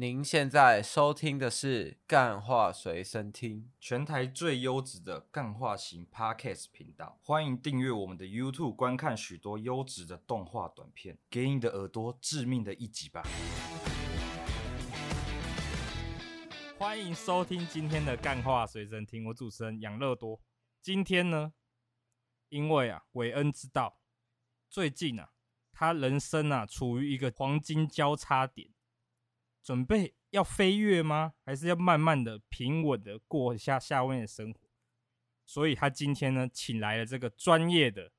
您現在收聽的是《幹話隨身聽》，全台最優質的幹話型 Podcast 頻道。歡迎訂閱我們的 YouTube，觀看許多優質的動畫短片，給你的耳朵致命的一集吧！歡迎收聽今天的《幹話隨身聽》，我主持人楊樂多。今天呢，因為啊，韋恩知道最近啊，他人生啊，處於一個黃金交叉點。準備要飛越嗎？還是要慢慢的、平穩的過一下下面的生活？所以他今天呢，請來了這個專業的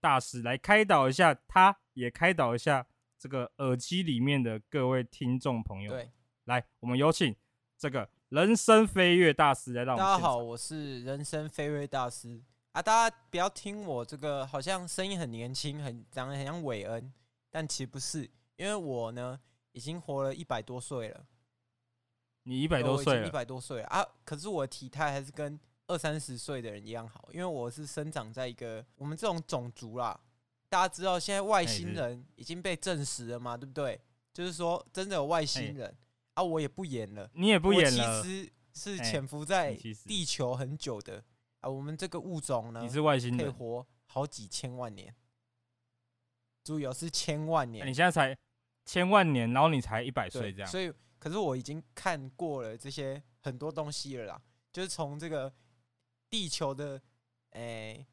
大師來開導一下，他也開導一下這個耳機裡面的各位聽眾朋友。對，來，我們有請這個人生飛越大師來讓我們。大家好，我是人生飛越大師啊！大家不要聽我這個，好像聲音很年輕，很長得很像韋恩，但其實不是，因為我呢。已經活了一百多歲了，你一百多歲，一百多歲啊！可是我的體態還是跟二三十歲的人一樣好，因為我是生長在一個我們這種種族啦。大家知道現在外星人已經被證實了嘛？欸、對不對？就是說真的有外星人、欸、啊！我也不演了，你也不演了，我其實是潛伏在地球很久的、欸、啊！我們這個物種呢，你是外星人，可以活好幾千萬年，注意哦，是千萬年。欸、你現在才。千萬年，然後你才一百歲，這樣。所以，可是我已經看過了這些很多東西了啦，就是從這個地球的誒、欸、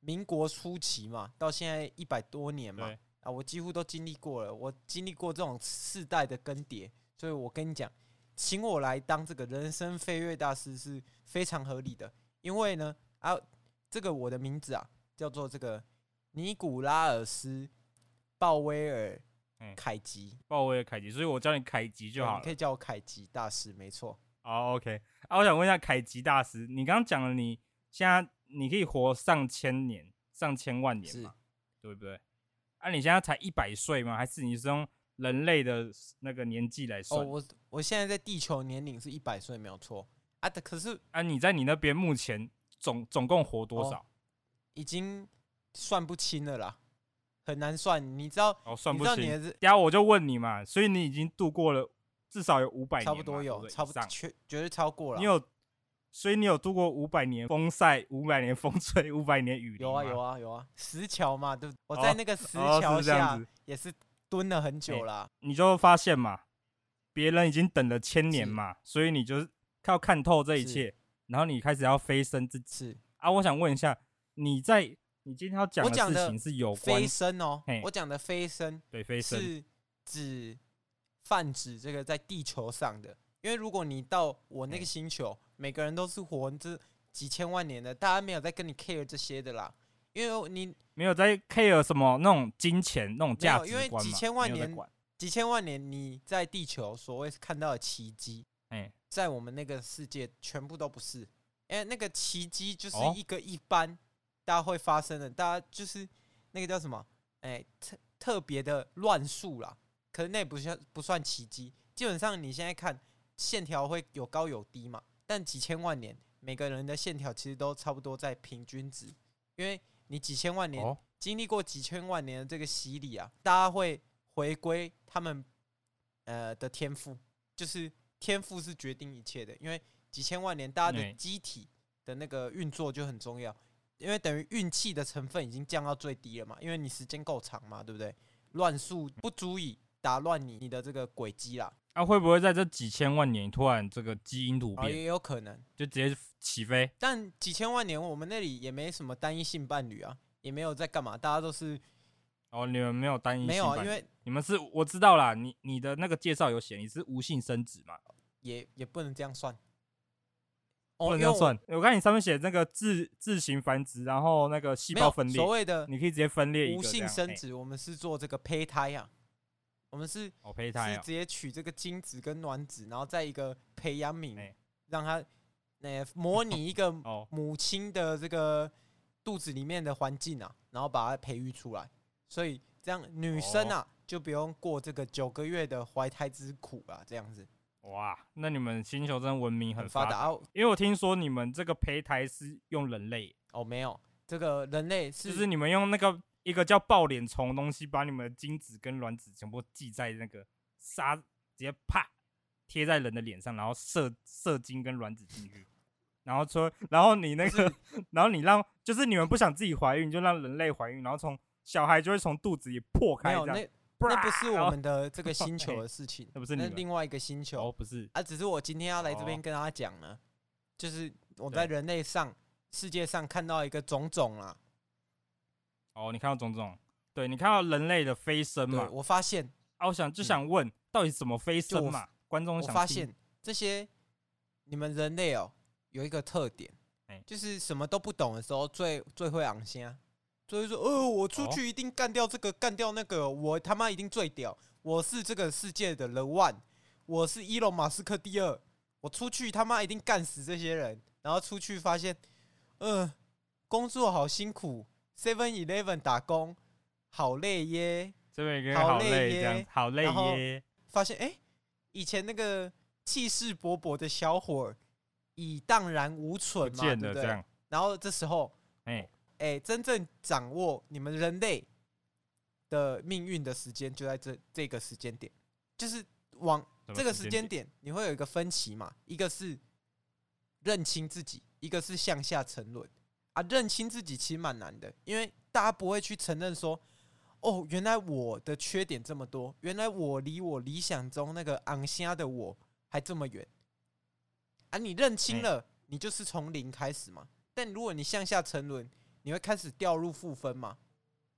民國初期嘛，到現在一百多年嘛，對啊，我幾乎都經歷過了。我經歷過這種世代的更迭，所以我跟你講，請我來當這個人生飛越大師是非常合理的。因為呢，啊，這個我的名字啊，叫做這個尼古拉爾斯鮑威爾。嗯、凱吉，報我也凱吉，所以我叫你凱吉就好，你可以叫我凱吉大師，沒錯。好、oh，OK。啊，我想問一下凱吉大師，你剛剛講了你，你現在你可以活上千年、上千萬年嗎？是對不對？啊，你現在才一百歲嗎？還是你是用人類的那個年紀來說、哦？我我現在在地球年齡是一百歲，沒有錯啊。可是啊，你在你那邊目前總總共活多少、哦？已經算不清了啦。很難算，你知道？我算不清。等下我就問你嘛，所以你已經度過了至少有五百年，差不多有，差不多，絕對超過了。你有，所以你有度過五百年風曬，五百年風吹，五百年雨淋。有啊有啊有啊，石橋嘛，對不對？我在那個石橋下也是蹲了很久了。你就發現嘛，別人已經等了千年嘛，所以你就要看透這一切，然後你開始要飛升這次啊！我想問一下，你在？你今天要講的事情是有關飛升哦。我講的飛升、哦，嘿是指泛指這個在地球上的。因為如果你到我那個星球，嘿每個人都是活這幾千萬年的，大家沒有在跟你 care 這些的啦。因為你沒有在 care 什麼那種金錢那種價值觀嘛。因為幾千萬年，幾千萬年，你在地球所謂看到的奇蹟，嘿在我們那個世界全部都不是。哎，那個奇蹟就是一個一般。哦大家會發生的，大家就是那個叫什麼？哎、欸，特特別的亂數啦。可是那也不算不算奇蹟。基本上你現在看線條會有高有低嘛？但幾千萬年，每個人的線條其實都差不多在平均值。因為你幾千萬年、哦、經歷過幾千萬年的這個洗禮啊，大家會回歸他們呃的天賦，就是天賦是決定一切的。因為幾千萬年，大家的機體的那個運作就很重要。因為等於運氣的成分已經降到最低了嘛，因為你時間夠長嘛，對不對？亂數不足以打亂你你的這個軌跡啦。啊，會不會在這幾千萬年突然這個基因突變，哦，也有可能，就直接起飛？但幾千萬年我們那裡也沒什麼單一性伴侶啊，也沒有在幹嘛，大家都是……哦，你們沒有單一性伴侶，沒有啊？因為你們是我知道啦，你你的那個介紹有寫你是無性生殖嘛，也也不能這樣算。哦，oh, 不能這樣算。我看你上面寫那個自自行繁殖，然後那個細胞分裂。所謂的你可以直接分裂一個無性生殖，欸、我們是做這個胚胎啊。我們是哦、oh, 胚胎、啊、是直接取這個精子跟卵子，然後在一個培養皿、欸、讓它那、欸、模擬一個母親的這個肚子裡面的環境啊，然後把它培育出來。所以這樣女生啊、oh. 就不用過這個九個月的懷胎之苦了，啊，這樣子。哇，那你們星球真的文明很發達哦！因為我聽說你們這個胚胎是用人類哦，oh, 沒有這個人類是就是你們用那個一個叫抱臉蟲的東西把你們的精子跟卵子全部繫在那個沙，直接啪貼在人的臉上，然後射射精跟卵子進去， 然後說，然後你那個， 然後你讓就是你們不想自己懷孕，就讓人類懷孕，然後從小孩就會從肚子裡破開這樣。那不是我們的這個星球的事情， 哎、那不是你們另外一個星球，哦、不是啊。只是我今天要來這邊跟大家講呢，哦、就是我在人類上對世界上看到一個種種啦、啊。哦，你看到種種，對你看到人類的飛升嘛？我發現，啊、我想就想問，到底怎麼飛升嘛？我觀眾發現這些你們人類哦、喔，有一個特點，欸、就是什麼都不懂的時候最最會昂星。啊。所以說，呃，我出去一定幹掉這個，幹、哦、掉那個，我他媽一定最屌，我是這個世界的 the one 我是伊隆馬斯克第二，我出去他媽一定幹死這些人，然後出去發現，嗯、呃，工作好辛苦，Seven Eleven 打工好累耶，這位哥好累耶，好累耶，發現哎、欸，以前那個氣勢勃勃的小伙兒已蕩然無存了。對,對？樣然後這時候，哎、欸。哎、欸，真正掌握你們人類的命運的時間就在這這個時間點，就是往這個時間點，什麼時間點？你會有一個分歧嘛？一個是認清自己，一個是向下沉淪啊。認清自己其實蠻難的，因為大家不會去承認說，哦，原來我的缺點這麼多，原來我離我理想中那個昂蝦的我還這麼遠啊。你認清了，欸、你就是從零開始嘛。但如果你向下沉淪，你會開始掉入負分嗎？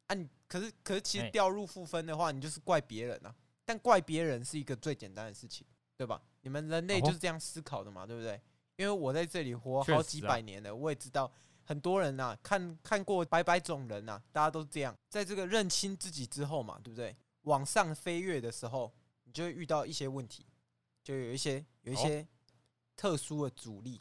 啊，你可是可是，其實掉入負分的話，你就是怪別人啊。但怪別人是一個最簡單的事情，對吧？你們人類就是這樣思考的嘛，對不對？因為我在這裡活好幾百年了，我也知道很多人吶、啊，看看過百百種人吶、啊，大家都是這樣。在這個認清自己之後嘛，對不對？往上飛越的時候，你就會遇到一些問題，就有一些有一些特殊的阻力，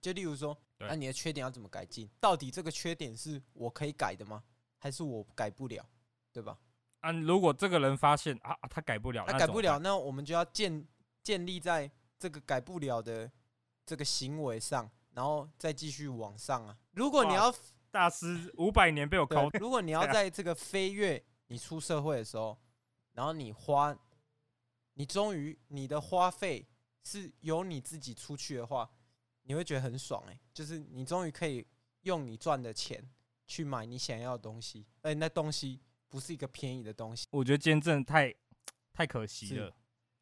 就例如說。那你的缺點要怎麼改進？到底這個缺點是我可以改的嗎？還是我改不了，對吧？啊，如果這個人發現啊，他改不了，他改不了，不了那，那我們就要建建立在這個改不了的這個行為上，然後再繼續往上啊。如果你要大師五百年被我搞，如果你要在這個飛越，你出社會的時候，然後你花，你終於你的花費是由你自己出去的話，你會覺得很爽誒、欸，就是你終於可以用你賺的錢去買你想要的東西，而且那東西不是一個便宜的東西。我覺得今天真的太太可惜了。是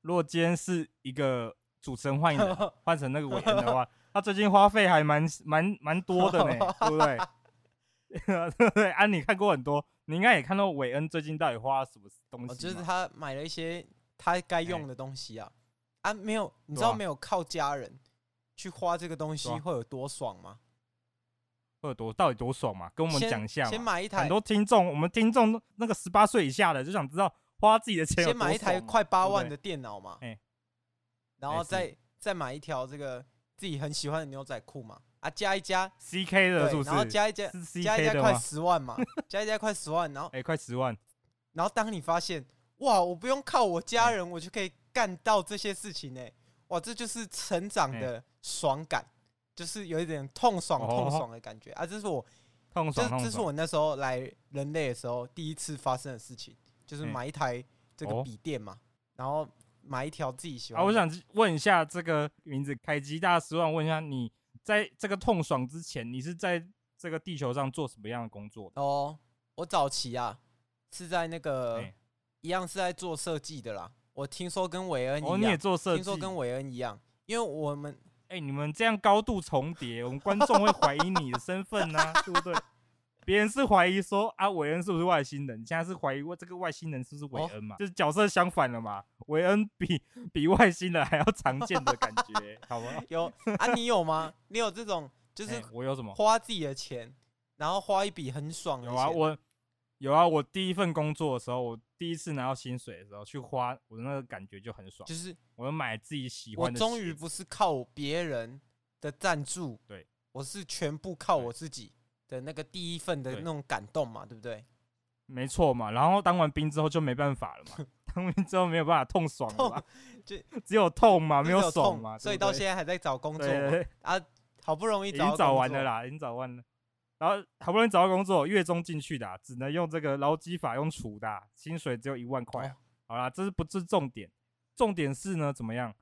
如果今天是一個主持人換人換成那個韋恩的話，他最近花費還蠻蠻蠻多的呢、欸，對不對？對 啊，你看過很多，你應該也看到韋恩最近到底花什麼東西？我覺得他買了一些他該用的東西啊、欸、啊，沒有，你知道沒有靠家人。去花這個東西會有多爽嗎？會有多到底多爽嘛？跟我們講一下。先買一台，很多聽眾，我們聽眾那個十八歲以下的就想知道花自己的錢先買一台快八萬的電腦嘛，然後再再買一條這個自己很喜歡的牛仔褲嘛，啊，加一加 CK 的，然後加一加，加一加快十萬嘛，加一加快十萬，然後哎，快十萬，然後當你發現哇，我不用靠我家人，我就可以幹到這些事情呢。哇，這就是成長的。爽感，就是有一點痛爽、痛爽的感覺啊！這是我，痛爽這痛爽這是我那時候來人類的時候第一次發生的事情，就是買一台這個筆電嘛，欸哦、然後買一條自己喜歡的筆。我想問一下這個名字凱基大師，我想問一下你，在這個痛爽之前，你是在這個地球上做什麼樣的工作的？哦，我早期啊，是在那個、欸、一樣是在做設計的啦。我聽說跟韋恩一樣。哦，你也做設計，聽說跟韋恩一樣，因為我們。哎、欸，你們這樣高度重疊，我們觀眾會懷疑你的身份呢、啊，對 不對？別人是懷疑說啊，韋恩是不是外星人？你現在是懷疑這個外星人是不是韋恩嘛？哦、就是角色相反了嘛？韋恩比比外星人還要常見的感覺， 好嗎？有啊，你有嗎？你有這種就是我有什麼花自己的錢，然後花一筆很爽的？有、啊、我。有啊，我第一份工作的時候，我第一次拿到薪水的時候，去花我的那個感覺就很爽，就是我買自己喜歡的。終於不是靠別人的贊助，對，我是全部靠我自己的那個第一份的那種感動嘛，對不對？沒錯嘛，然後當完兵之後就沒辦法了嘛，當兵之後沒有辦法痛爽了嘛，就只有痛嘛，沒有爽嘛，所以到現在還在找工作啊，好不容易找到已經找完了啦，已經找完了。然後好不容易找到工作，月中進去的，啊，只能用這個勞基法用處的，啊，薪水只有一萬塊，啊。哦，好啦，這是不這是重點？重點是呢怎麼樣？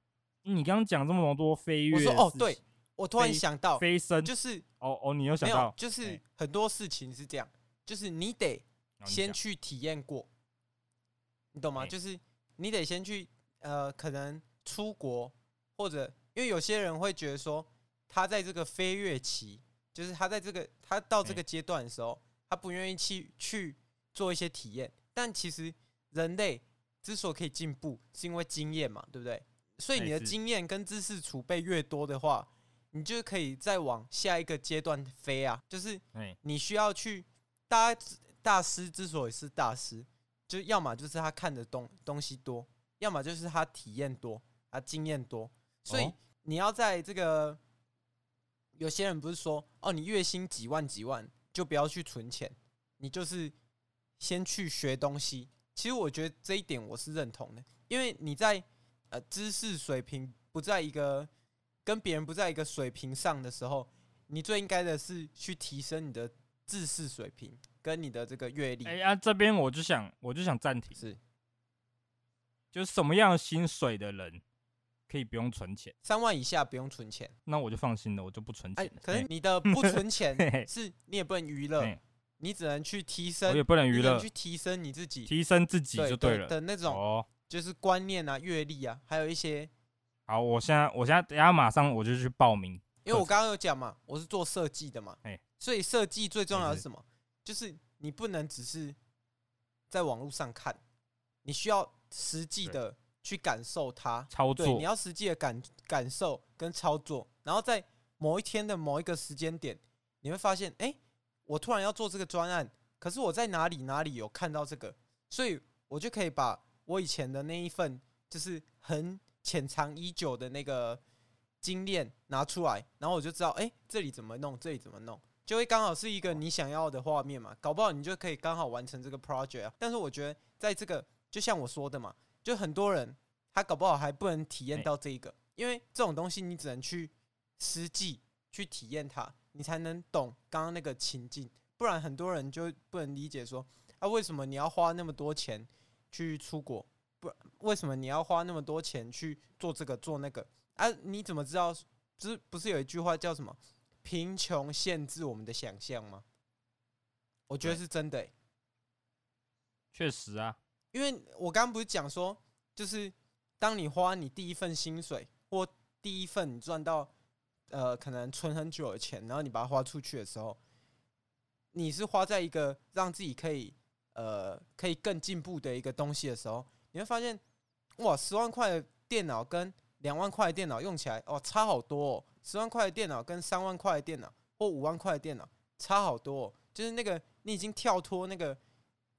嗯，你剛剛講這麼多飛越，哦對，我突然想到飛、飛升，就是哦哦，你有想到有，就是很多事情是這樣，欸，就是你得先去體驗過，你懂嗎？欸，就是你得先去呃，可能出國，或者因為有些人會覺得說他在這個飛越期。就是他在這個他到這個階段的時候，他不願意去去做一些體驗。但其實人類之所以可以進步，是因為經驗嘛，對不對？所以你的經驗跟知識儲備越多的話，你就可以再往下一個階段飛啊。就是，你需要去，大師大師之所以是大師，就要麼就是他看的東東西多，要麼就是他體驗多啊，他經驗多。所以你要在這個。有些人不是說哦，你月薪幾萬幾萬就不要去存錢，你就是先去學東西。其實我覺得這一點我是認同的，因為你在呃知識水平不在一個跟別人不在一個水平上的時候，你最應該的是去提升你的知識水平跟你的這個閱歷。哎呀、欸啊，這邊我就想，我就想暫停，是，就是什麼樣薪水的人？可以不用存錢，三萬以下不用存錢，那我就放心了，我就不存錢。哎，可是你的不存錢是，你也不能娛樂，你只能去提升，我也不能娛樂，去提升你自己，提升自己就對了的那種。哦，就是觀念啊、閱歷啊，還有一些。好，我現在，我現在，等下馬上我就去報名，因為我剛剛有講嘛，我是做設計的嘛，哎，所以設計最重要是什麼？就是你不能只是在網絡上看，你需要實際的。去感受它，操作對。你要實際的感感受跟操作，然後在某一天的某一個時間點，你會發現，哎、欸，我突然要做這個專案，可是我在哪裡哪裡有看到這個，所以我就可以把我以前的那一份，就是很潛藏已久的那個經驗拿出來，然後我就知道，哎、欸，這裡怎麼弄，這裡怎麼弄，就會剛好是一個你想要的畫面嘛，搞不好你就可以剛好完成這個 project、啊。但是我覺得，在這個就像我說的嘛。就很多人，他搞不好還不能體驗到這個，因為這種東西你只能去實際去體驗它，你才能懂剛剛那個情境。不然很多人就不能理解說，啊，為什麼你要花那麼多錢去出國？不，為什麼你要花那麼多錢去做這個做那個？啊，你怎麼知道？這不是有一句話叫什麼“貧窮限制我們的想象”嗎？我覺得是真的、欸，確實啊。因為我剛剛不是講說，就是當你花你第一份薪水或第一份賺到，呃，可能存很久的錢，然後你把它花出去的時候，你是花在一個讓自己可以，呃，可以更進步的一個東西的時候，你會發現，哇，十萬塊的電腦跟兩萬塊的電腦用起來，哦，差好多，哦；十萬塊的電腦跟三萬塊的電腦或五萬塊的電腦差好多，哦，就是那個你已經跳脫那個。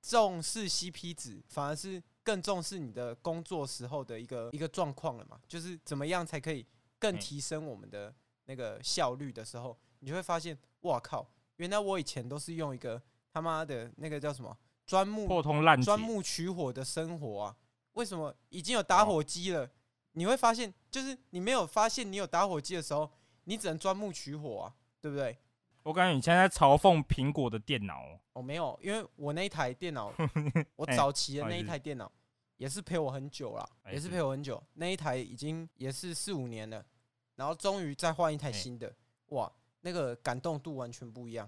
重視 CP 值，反而是更重視你的工作時候的一個一個狀況了嘛？就是怎麼樣才可以更提升我們的那個效率的時候，嗯、你就會發現，哇靠，原來我以前都是用一個他媽的那個叫什麼鑽木破銅爛鐵鑽木取火的生活啊！為什麼已經有打火機了？哦、你會發現，就是你沒有發現你有打火機的時候，你只能鑽木取火啊，對不對？我感覺你現在在嘲諷蘋果的電腦哦，哦，我沒有，因為我那一台電腦， 我早期的那一台電腦也是陪我很久了， 欸、也是陪我很久，那一台已經也是四五年了，然後終於再換一台新的，欸、哇，那個感動度完全不一樣，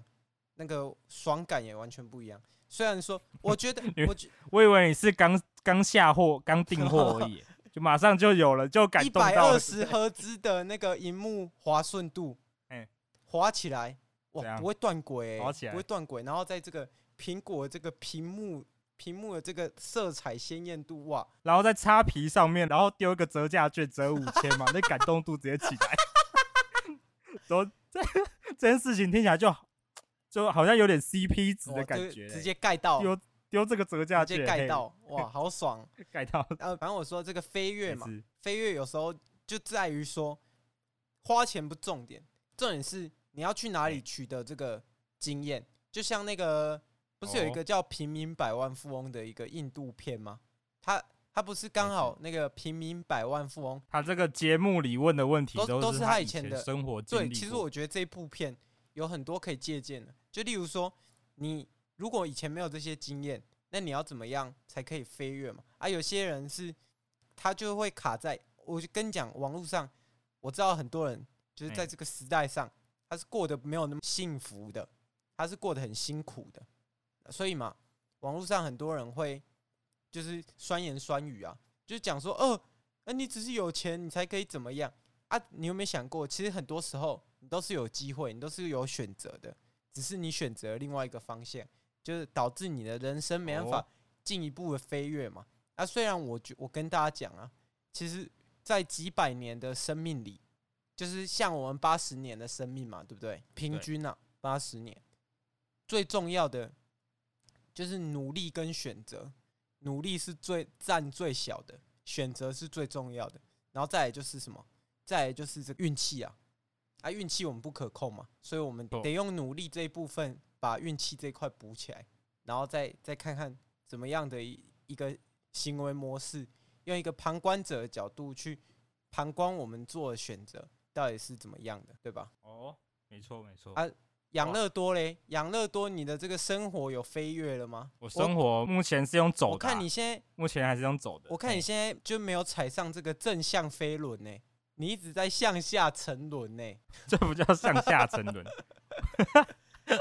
那個爽感也完全不一樣。雖然說，我覺得我覺得我以為你是剛剛下貨、剛訂貨而已， 就馬上就有了，就感動到一百二十赫茲的那個熒幕滑順度，哎、欸，滑起來。哇，不會斷軌，不會斷軌，然後在這個蘋果這個屏幕屏幕的這個色彩鮮豔度，哇，然後在插皮上面，然後丟一個折價券，折五千嘛，那感動度直接起來，哈，哈，哈，哈，哈，這這件事情聽起來就就好像有點 CP 值的感覺，直接蓋到丟丟這個折價券，直接蓋到，哇，好爽，蓋到，呃，反正我說這個飛越嘛，飛越有時候就在於說花錢不重點，重點是。你要去哪裡取得這個經驗？欸、就像那個，不是有一個叫《平民百萬富翁》的一個印度片嗎？他他不是剛好那個平民百萬富翁？他這個節目裡問的問題都是都是他以前的生活經歷。對，其實我覺得這部片有很多可以借鑒的。就例如說，你如果以前沒有這些經驗，那你要怎麼樣才可以飛躍嘛？啊，有些人是他就會卡在。我就跟你講，網絡上我知道很多人就是在這個時代上。欸他是過得沒有那麼幸福的，他是過得很辛苦的，所以嘛，網絡上很多人會就是酸言酸語啊，就講說，哦、呃，那、欸、你只是有錢，你才可以怎麼樣啊？你有沒有想過，其實很多時候你都是有機會，你都是有選擇的，只是你選擇另外一個方向，就是導致你的人生沒辦法進一步的飛躍嘛。哦哦啊，雖然我就我跟大家講啊，其實，在幾百年的生命裡。就是像我們八十年的生命嘛，對不對？平均啊，八十對年最重要的就是努力跟選擇，努力是最占最小的，選擇是最重要的。然後再來就是什麼？再來就是這運氣啊，啊，運氣我們不可控嘛，所以我們得用努力這一部分把運氣這一塊補起來，然後再再看看怎麼樣的一個行為模式，用一個旁觀者的角度去旁觀我們做的選擇。到底是怎麼樣的，對吧？哦，沒錯沒錯。啊，養樂多嘞，養樂哇多，你的這個生活有飛躍了嗎？我生活目前是用走的，啊，的。我看你現在目前還是用走的。我看你現在就沒有踩上這個正向飛輪呢，欸，欸、你一直在向下沉淪呢，欸。這不叫向下沉淪，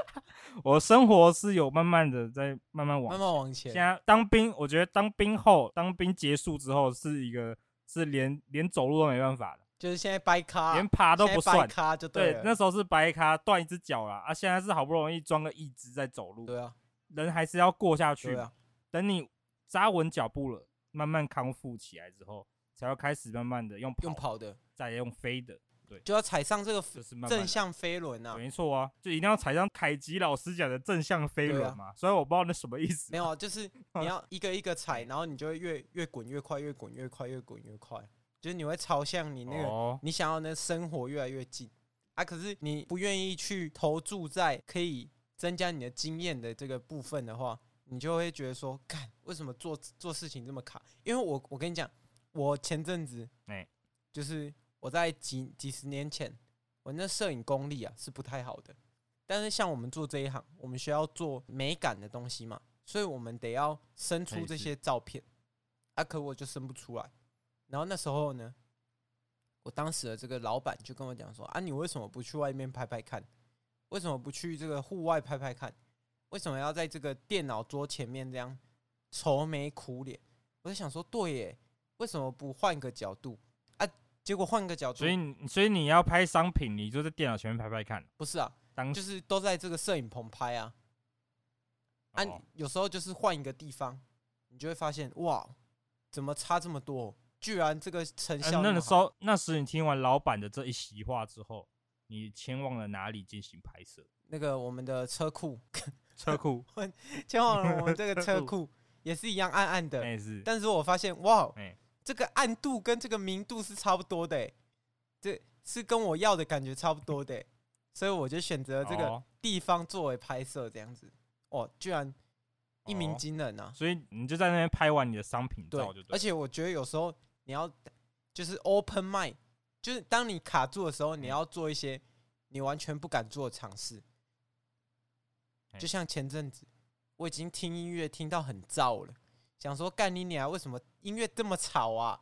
我生活是有慢慢的在慢慢往慢慢往前。現在當兵，我覺得當兵後，當兵結束之後是一個是連連走路都沒辦法的。就是現在掰咖，啊，連爬都不算，對，對。那時候是掰咖斷一隻腳了，啊，現在是好不容易裝個一隻在走路。對啊，人還是要過下去。對啊。等你扎穩腳步了，慢慢康復起來之後，才要開始慢慢的用跑，用跑的，再來用飛的。對。就要踩上這個正向飛輪啊。慢慢啊沒錯啊，就一定要踩上凱吉老師講的正向飛輪嘛。啊，所以我不知道那什麼意思，啊。沒有，就是你要一個一個踩， 然後你就會越越滾越，越，越，越，越，越，越快，越滾越快，越滾越快。就是你會朝向你那個你想要的生活越來越近啊，可是你不願意去投注在可以增加你的經驗的這個部分的話，你就會覺得說，幹為什麼做做事情這麼卡？因為我我跟你講，我前陣子哎，就是我在幾幾十年前，我那攝影功力啊是不太好的，但是像我們做這一行，我們需要做美感的東西嘛，所以我們得要生出這些照片，啊，可我就生不出來。然後那時候呢，我當時的這個老板就跟我講說：“啊，你為什麼不去外面拍拍看？為什麼不去這個戶外拍拍看？為什麼要在這個電腦桌前面這樣愁眉苦臉？”我就想說：“對耶，為什麼不換一個角度啊？”結果換一個角度，所以所以你要拍商品，你就在電腦前面拍拍看。不是啊，當就是都在這個攝影棚拍啊。啊，哦、有時候就是換一個地方，你就會發現哇，怎麼差這麼多？居然這個成效、呃。那個、時候，那時你聽完老板的這一席話之後，你前往了哪裡進行拍攝？那個我們的車庫庫，車庫前往了我們這個車庫，也是一樣暗暗的。庫但是我發現，哇，欸、這個暗度跟這個明度是差不多的、欸，這是跟我要的感覺差不多的、欸，呵呵所以我就選擇這個地方作為拍攝，這樣子。哦，居然一鳴驚人啊、哦！所以你就在那邊拍完你的商品照就對了。對。而且我覺得有時候。你要就是 open mind，就是當你卡住的時候，嗯、你要做一些你完全不敢做的嘗試。嗯、就像前陣子，我已經聽音樂聽到很燥了，想說幹你娘，為什麼音樂這麼吵啊，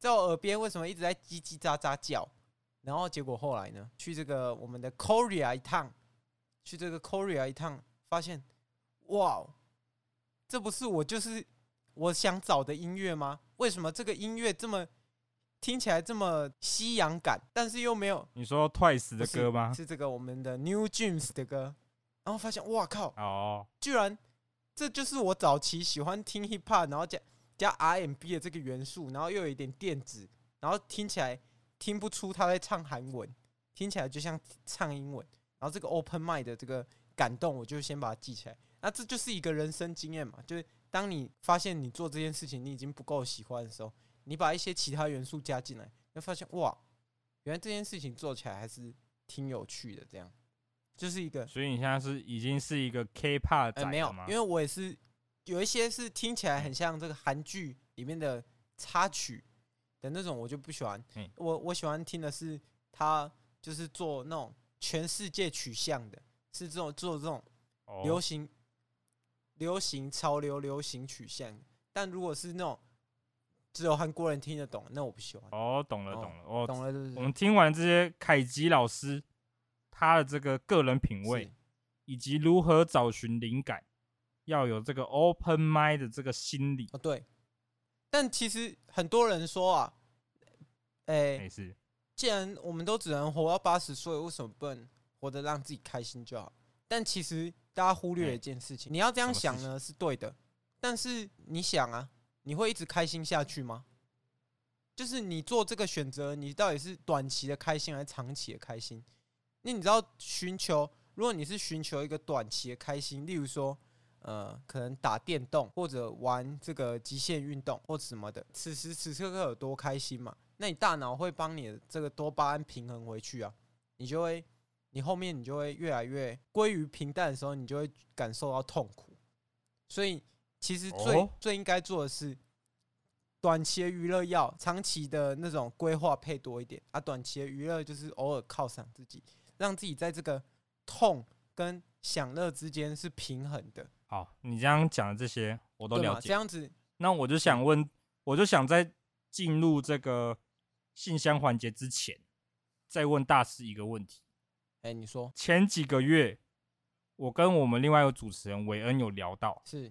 在我耳邊為什麼一直在嘰嘰喳喳叫？然後結果後來呢，去這個我們的 Korea 一趟，去這個 Korea 一趟，發現哇，這不是我就是我想找的音樂嗎？為什麼這個音樂這麼聽起來這麼西洋感，但是又沒有你說 Twice 的歌吧，是這個我們的 NewJeans 的歌，然後發現哇靠哦，oh. 居然這就是我早期喜歡聽 Hip Hop，然後加加 R&B 的這個元素，然後又有一點電子，然後聽起來聽不出他在唱韓文，聽起來就像唱英文。然後這個 Open Mind 的這個感動，我就先把它記起來。那這就是一個人生經驗嘛，就是。當你發現你做這件事情你已經不夠喜歡的時候，你把一些其他元素加進來，你就發現哇，原來這件事情做起來還是挺有趣的。這樣，就是一個，所以你現在是已經是一個 K-pop？欸，沒有，因為我也是有一些是聽起來很像這個韓劇裡面的插曲的那種，我就不喜歡。嗯，我我喜歡聽的是他就是做那種全世界取向的，是這種做這種流行。流行潮流流行曲線，但如果是那種只有韓國人聽得懂，那我不喜歡。哦，懂了懂了，哦，懂了。我們聽完這些凱吉老師他的這個個人品味，是以及如何找尋靈感，要有這個 open mind 的這個心理。哦，對，但其實很多人說啊，哎，欸，沒事。既然我們都只能活到八十歲，為什麼不能活得讓自己開心就好？但其實。大家忽略了一件事情，你要這樣想呢，是對的。但是你想啊，你會一直開心下去嗎？就是你做這個選擇，你到底是短期的開心還是長期的開心？那你知道，尋求如果你是尋求一個短期的開心，例如說，呃，可能打電動或者玩這個極限運動或者什麼的，此時此刻刻有多開心嘛？那你大腦會幫你這個多巴胺平衡回去啊，你就會。你後面你就會越來越歸於平淡的時候，你就會感受到痛苦。所以，其實最、哦、最應該做的是，短期的娛樂要長期的那種規劃配多一點啊。短期的娛樂就是偶爾犒賞自己，讓自己在這個痛跟享樂之間是平衡的。好，你這樣講的這些我都了解。這樣子，那我就想問，我就想在進入這個信箱環節之前，再問大師一個問題。哎，欸、你說前幾個月，我跟我們另外一個主持人韋恩有聊到，是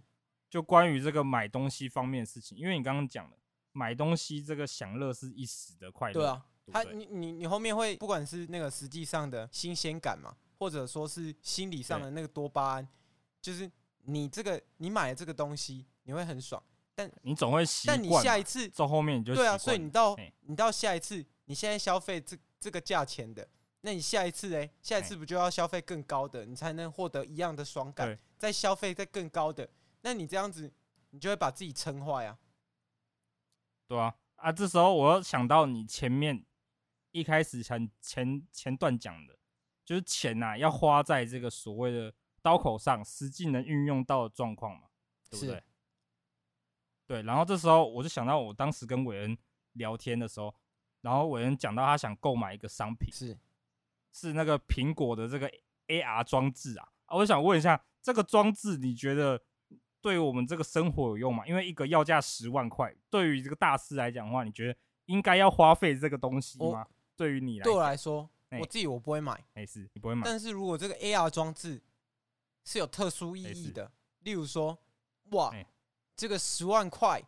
就關於這個買東西方面的事情。因為你剛剛講了買東西這個享樂是一時的快樂。啊，對啊。對對，他你你你後面會不管是那個實際上的新鮮感嘛，或者說是心理上的那個多巴胺，對就是你這個你買了這個東西你會很爽，但你總會習慣。但你下一次到後面你就對啊，所以你到你到下一次嘿你現在消費這這個價錢的。那你下一次嘞？下一次不就要消費更高的，欸、你才能獲得一樣的爽感？對、欸。再消費再更高的，那你這樣子，你就會把自己撐壞啊。對啊，啊，這時候我想到你前面一開始前前前段講的，就是錢吶、啊、要花在這個所謂的刀口上，實際能運用到的狀況嘛，對不對？是對，然後這時候我就想到，我當時跟韋恩聊天的時候，然後韋恩講到他想購買一個商品，是。是那個蘋果的這個 AR 裝置啊，啊我想問一下，這個裝置你覺得對我們這個生活有用嗎？因為一個要價十萬塊，對於這個大師來講的話，你覺得應該要花費這個東西嗎？喔、對於你來說，對我來說，欸、我自己我不會買，沒事、欸，你不會買。但是如果這個 AR 裝置是有特殊意義的，欸、是例如說，哇，欸、這個十萬塊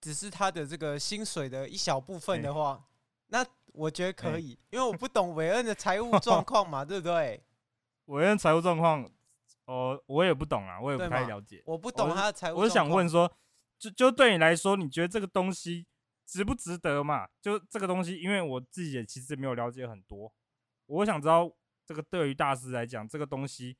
只是他的這個薪水的一小部分的話，欸、那。我覺得可以，欸、因為我不懂韋恩的財務狀況嘛，呵呵對不對？韋恩財務狀況，哦、呃，我也不懂啊，我也不太了解。我不懂他的財務狀況我。我是想問說，就就對你來說，你覺得這個東西值不值得嘛？就這個東西，因為我自己也其實也沒有了解很多。我想知道，這個對於大師來講，這個東西，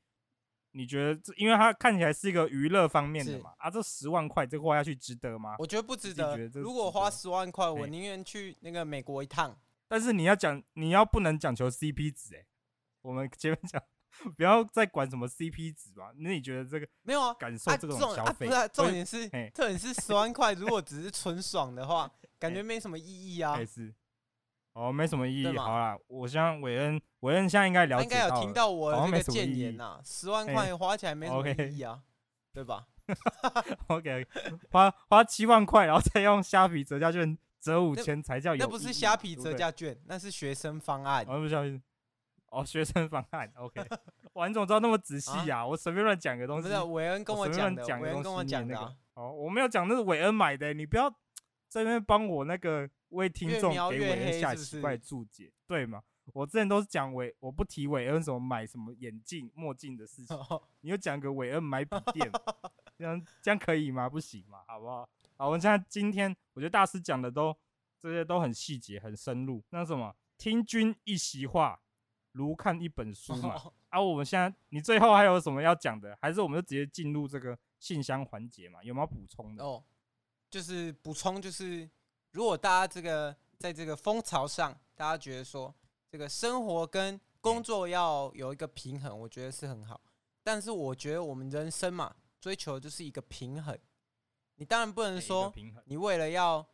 你覺得，因為它看起來是一個娛樂方面的嘛？是啊，這十萬塊，這個花下去值得嗎？我覺得不值得。得值得，如果花十萬塊，欸、我寧願去那個美國一趟。但是你要講，你要不能講求 CP 值哎，我們前面講，不要再管什麼 CP 值吧。那你覺得這個沒有啊？感受這種消費，重點是重點是十萬塊，如果只是純爽的話，感覺沒什麼意義啊。哦，沒什麼意義。好啦，我相信偉恩，偉恩現在應該了解到了，他應該有聽到我的那個建言啊，好像沒什麼意義啊，十萬塊花起來沒什麼意義啊，對吧？OK，花花七萬塊，然後再用蝦皮折價券。折五千才叫有，那不是蝦皮折價券，那是學生方案。我不相信。哦，學生方案，OK。哇，你怎麼知道那麼仔細啊，我隨便亂講一個東西。真的，韋恩跟我講的，韋恩跟我講的那個。哦，我沒有講那是韋恩買的，你不要在那邊幫我那個為聽眾給韋恩下奇怪注解，對嗎？我之前都是講韋，我不提韋恩什麼買什麼眼鏡、墨鏡的事情，你就講個韋恩買筆電，這樣這樣可以嗎？不行嗎？好不好？好，我們現在今天，我覺得大師講的都這些都很細節、很深入。那什麼，聽君一席話，如看一本書嘛。哦、啊，我們現在你最後還有什麼要講的？還是我們就直接進入這個信箱環節嘛？有沒有補充的？哦，就是補充，就是如果大家這個在這個風潮上，大家覺得說這個生活跟工作要有一個平衡，我覺得是很好。但是我覺得我們人生嘛，追求的就是一個平衡。你當然不能說，你為了要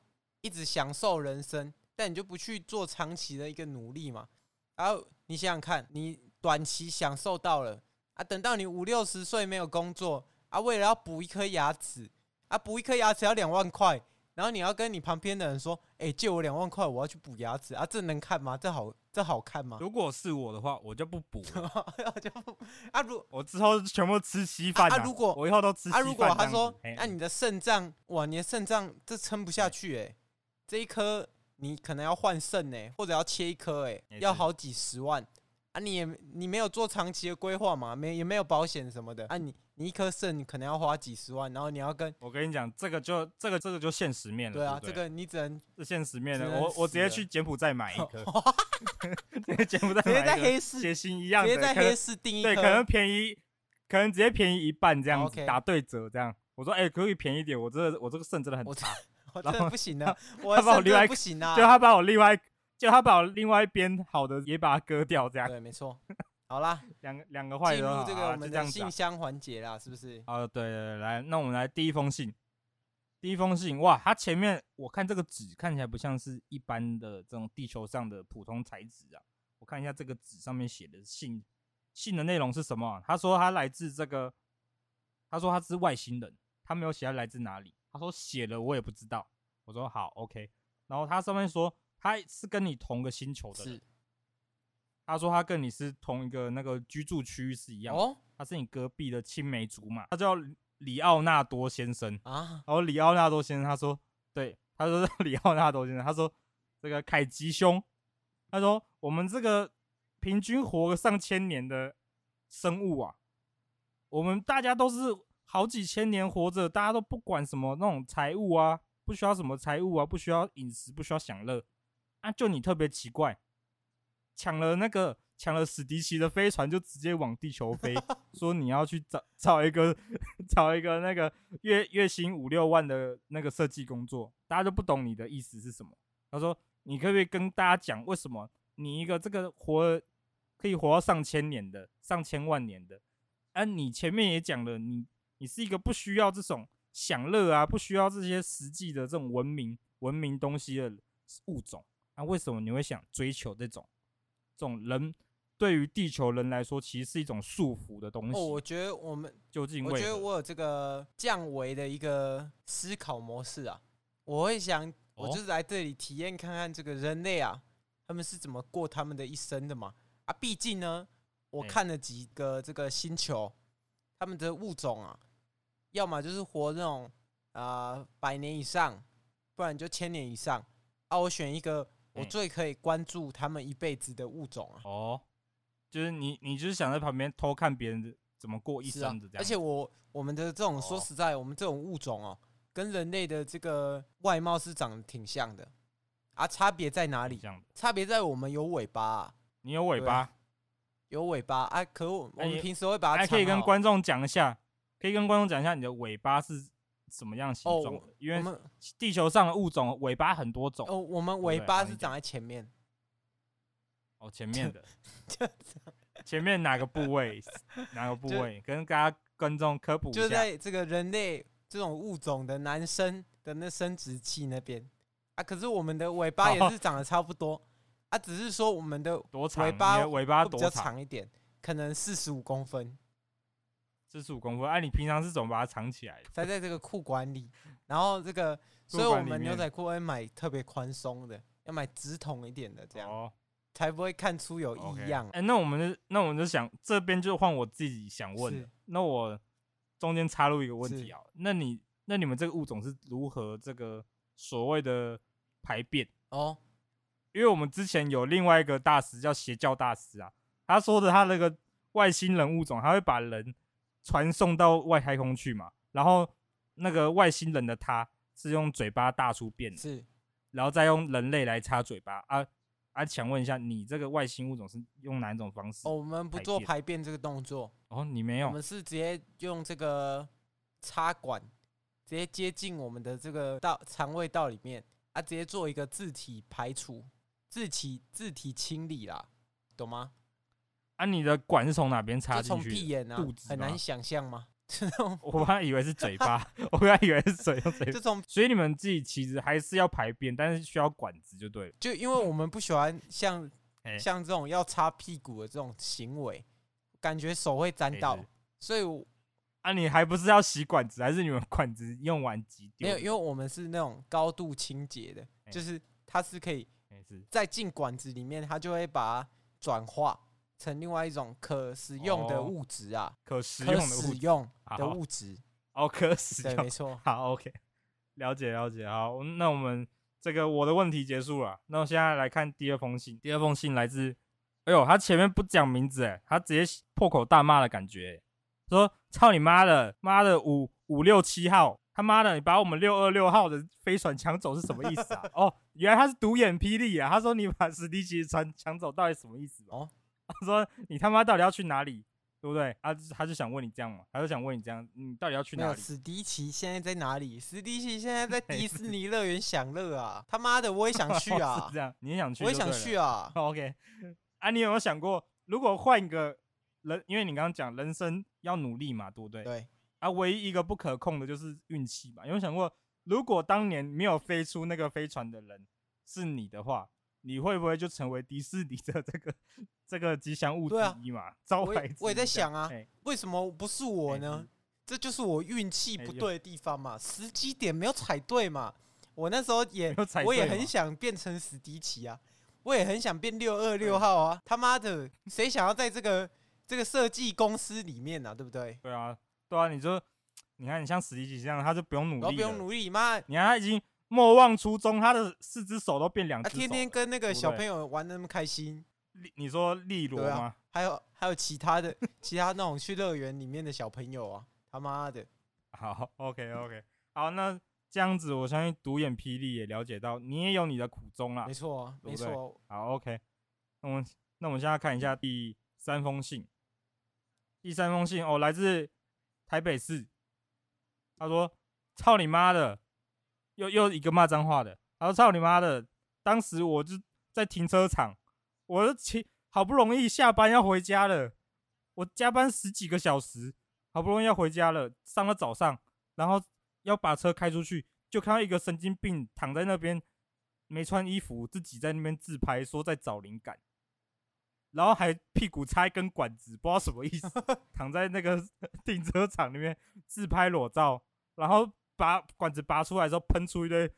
一直享受人生，但你就不去做長期的一個努力嘛？然後你想想看，你短期享受到了啊，等到你五六十歲沒有工作啊，為了要補一顆牙齒啊，補一顆牙齒要兩萬塊。然後你要跟你旁邊的人說：“哎、欸，借我兩萬塊，我要去補牙齒啊！這能看嗎？這好，這好看嗎？”如果是我的話，我就不補 就不，啊，如我之後全部吃稀飯。他、啊啊、如果我以後都吃稀飯、啊，如果如果他說：“那嘿、啊、你的腎臟，哇，你的腎臟這撐不下去哎、欸，嘿這一顆你可能要換腎哎，或者要切一顆哎、欸，是要好幾十萬。”啊，你你沒有做長期的規劃嘛？沒也沒有保險什麼的啊。你你一顆腎你可能要花幾十萬，然後你要跟……我跟你講，這個就這個這個就現實面了。對啊，這個你只能這現實面了。我我直接去柬埔寨買一顆，去柬直接在黑市捷星一樣直接在黑市訂一對，可能便宜，可能直接便宜一半這樣打對折這樣。我說哎，可以便宜點，我這我這個腎真的很差，我這不行啊，我另外不行啊，就他把我另外。就他把另外一邊好的也把它割掉，這樣對，沒錯。好啦，兩 兩個壞人這個，我們講信箱環節啦，是不是？啊，對，對，對，對，來，那我們來第一封信。第一封信，哇，它前面我看這個紙看起來不像是一般的這種地球上的普通材質啊。我看一下這個紙上面寫的信，信的內容是什麼啊？他說他來自這個，他說他是外星人，他沒有寫他來自哪裡。他說寫了我也不知道。我說好，OK。然後他上面說。他是跟你同個星球的人，他說他跟你是同一個那個居住區域是一樣哦，他是你隔壁的青梅竹馬，他叫里奧納多先生啊，然後里奧納多先生他說，對他說叫里奧納多先生，他說這個凱吉兄，他說我們這個平均活上千年的生物啊，我們大家都是好幾千年活着，大家都不管什麼那種財物啊，不需要什麼財物啊，不需要飲食，不需要享樂。啊！就你特別奇怪，搶了那個搶了史迪奇的飛船，就直接往地球飛， 說你要去找找一個找一個那個月月薪五六萬的那個設計工作，大家都不懂你的意思是什麼。他說：“你可不可以跟大家講，為什麼你一個這個活可以活到上千年的、上千萬年的？啊，你前面也講了你，你你是一個不需要這種享樂啊，不需要這些實際的這種文明文明東西的物種。”那、啊、為什麼你會想追求這種這種人，對於地球人來說，其實是一種束縛的東西。哦，我覺得我們究竟為什麼？我覺得我有這個降維的一個思考模式啊！我會想，我就是來這裡體驗看看這個人類啊，哦、他們是怎麼過他們的一生的嘛？啊，畢竟呢，我看了幾個這個星球，欸、他們的物種啊，要麼就是活那種啊、呃、百年以上，不然就千年以上啊。我選一個。我最可以關注他們一輩子的物種啊！哦，就是你，你就是想在旁邊偷看別人怎麼過一生的這樣、啊。而且我我們的這種說實在，哦、我們這種物種哦、啊，跟人類的這個外貌是長得挺像的啊，差別在哪裡？差別在我們有尾巴、啊，你有尾巴，有尾巴。啊，可我、啊、你我們平時會把它、啊。還、啊啊、可以跟觀眾講一下，可以跟觀眾講一下你的尾巴是。怎麼樣形狀？因為我們地球上的物種尾巴很多種。哦，我們尾巴是長在前面。哦，前面的，前面哪個部位？哪個部位？跟大家觀眾科普一下。就在這個人類這種物種的男生的那生殖器那邊啊。可是我們的尾巴也是長得差不多啊，只是說我們的尾巴，尾巴比較長一點，可能四十五公分。四十五公分，哎、啊，你平常是怎麼把它藏起來的？塞在這個褲管裡，然後這個，所以我們牛仔褲會買特別寬鬆的，要買直筒一點的，這樣哦，才不會看出有異樣。哎、okay. 欸，那我們就那我們就想這邊就換我自己想問是那我中間插入一個問題啊，是那你那你們這個物種是如何這個所謂的排便哦？因為我們之前有另外一個大師叫邪教大師啊，他說的他那個外星人物種，他會把人。傳送到外太空去嘛，然後那個外星人的他是用嘴巴大出便的，是，然後再用人類來插嘴巴啊啊！啊想問一下，你這個外星物種是用哪一種方式？哦，我們不做排便這個動作哦，你沒有，我們是直接用這個插管直接接近我們的這個道腸胃道裡面啊，直接做一個自體排除，自體自體清理啦，懂嗎？啊你的管是從哪邊插進去？從屁眼啊，肚子嗎？很難想象嗎？我本來以為是嘴巴，我本來以為是水這種，所以你們自己其實還是要排便，但是需要管子就對了。就因為我們不喜歡像像這種要擦屁股的這種行為，感覺手會沾到，所以我，啊，你還不是要洗管子？還是你們管子用完即丟？沒有，因為我們是那種高度清潔的，就是它是可以在進管子裡面，它就會把它轉化。成另外一種可使用的物質啊，哦、可使用的物質可使用的物質，用的物質，好哦，可使用，對沒錯錯，好，OK，了解了解，好，那我們這個我的問題結束了，啊，那我現在來看第二封信，第二封信來自，哎呦，他前面不講名字哎，他直接破口大罵的感覺，說操你媽的，媽的五五六七號，他媽的你把我們六二六號的飛船搶走是什麼意思啊？ 哦，原來他是獨眼霹靂啊，他說你把史迪奇船搶走到底什麼意思，啊，哦？他說：“你他媽到底要去哪裡，對不對？”他、啊、他就想問你這樣嘛，他就想問你這樣，你到底要去哪裡？史迪奇現在在哪裡？史迪奇現在在迪士尼樂園享樂啊！ 他媽的，我也想去啊！ 是這樣你也想去，我也想去啊。OK，啊，你有沒有想過，如果換一個人，因為你剛剛講人生要努力嘛，對不對？對啊，唯一一個不可控的就是運氣嘛。有沒有想過，如果當年沒有飛出那個飛船的人是你的話？你會不會就成為迪士尼的這個這個吉祥物之一嘛？啊、招牌？我也在想啊，欸、為什麼不是我呢？欸嗯、這就是我運氣不對的地方嘛，時機、欸、點沒有踩對嘛。我那時候也我也很想變成史迪奇啊，我也很想變六二六號啊。對他媽的，誰想要在這個這個設計公司裡面啊？對不對？對啊，對啊。你就，你看，你像史迪奇這樣，他就不用努力了，不用努力嘛。你看，他已經。莫忘初衷，他的四隻手都變兩隻、啊。天天跟那個小朋友玩得那麼開心，對，對，你說利羅嗎、啊？還有還有其他的 其他那種去樂園裡面的小朋友啊，他媽的！好，OK OK，好，那這樣子，我相信獨眼霹靂也了解到你也有你的苦衷啦。沒錯、啊，對對沒錯、啊。好，OK，那我們那我們現在看一下第三封信，第三封信哦，來自台北市，他說：“操你媽的！”又又一個罵髒話的，好，操你媽的，當時我就在停車場，我起好不容易下班要回家了，我加班十幾個小時，好不容易要回家了，上了早上，然後要把車開出去，就看到一個神經病躺在那邊，沒穿衣服，自己在那邊自拍，說在找靈感，然後還屁股插一根管子，不知道什麼意思， 躺在那個停車場裡面自拍裸照，然後。拔管子拔出來之後，噴出一堆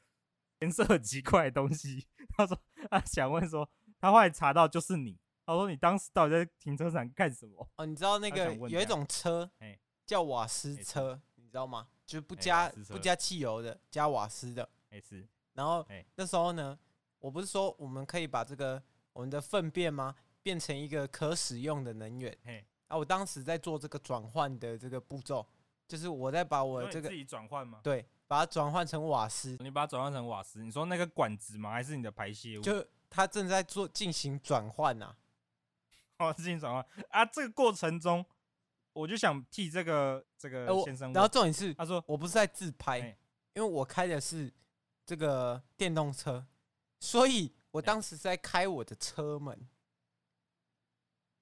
顏色很奇怪的東西。他說：“他想問說，他後來查到就是你。他說你當時到底在停車場幹什麼？哦，你知道那個有一種車，叫瓦斯車，欸、你知道嗎？就是不加、欸、不加汽油的，加瓦斯的。欸、然後，欸、那時候呢，我不是說我們可以把這個我們的糞便嗎，變成一個可使用的能源？欸、啊，我當時在做這個轉換的這個步驟。”就是我在把我這個自己轉換嗎？對，把它轉換成瓦斯。你把它轉換成瓦斯，你說那個管子嗎？還是你的排泄物？就他正在做進行轉換吶，哦，進行轉換啊。這個過程中，我就想替這個這個先生問、欸。然後重點是，他說我不是在自拍，嘿因為我開的是這個電動車，所以我當時是在開我的車門。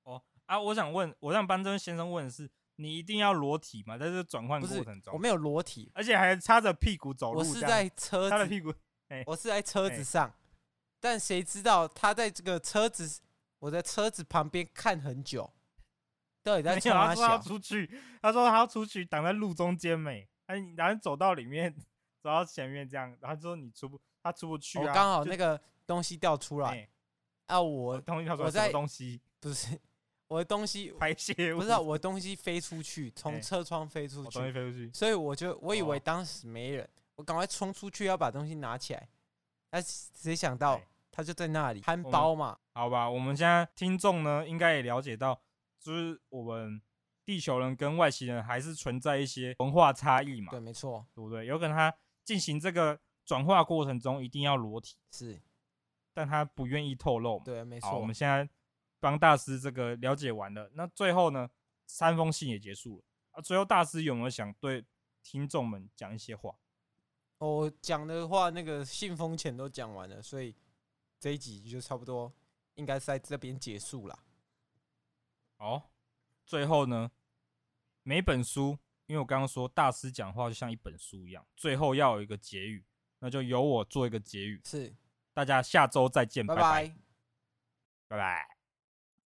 嘿哦啊！我想問，我讓班中先生問的是。你一定要裸體嘛？在這轉換過程中，我沒有裸體，而且還擦着屁股走路。我是在車，擦着屁股。哎、欸，我是在車子上，欸、但誰知道他在這個車子，欸、我在車子旁邊看很久，對，到底在他，、欸、他說他要出去，他說他要出去，擋在路中間沒、欸？哎，然後走到裡面，走到前面這樣，然後說你出不，他出不去啊、剛好那個東西掉出來，欸、啊我，我東西掉出來什麼東西？不是。我的東西排泄 不是、啊，不知道我的東西飛出去，從車窗飛出去，欸、飛出去，所以我就我以為當時沒人，啊、我趕快衝出去要把東西拿起來，但誰想到、欸、他就在那裡憨包嘛？好吧，我們現在聽眾呢，應該也了解到，就是我們地球人跟外星人還是存在一些文化差異嘛？對，沒錯，對不對？有可能他進行這個轉化過程中一定要裸體，是，但他不願意透露，對，沒錯，我們現在。幫大師這個了解完了，那最後呢，三封信也結束了啊。最後大師有沒有想對聽眾們講一些話？哦，我講的話那個信封錢都講完了，所以這一集就差不多應該是在這邊結束了。好，最後呢，每本書，因為我剛剛說大師講話就像一本書一樣，最後要有一個結語，那就由我做一個結語。是，大家下周再見，拜拜 bye，拜拜。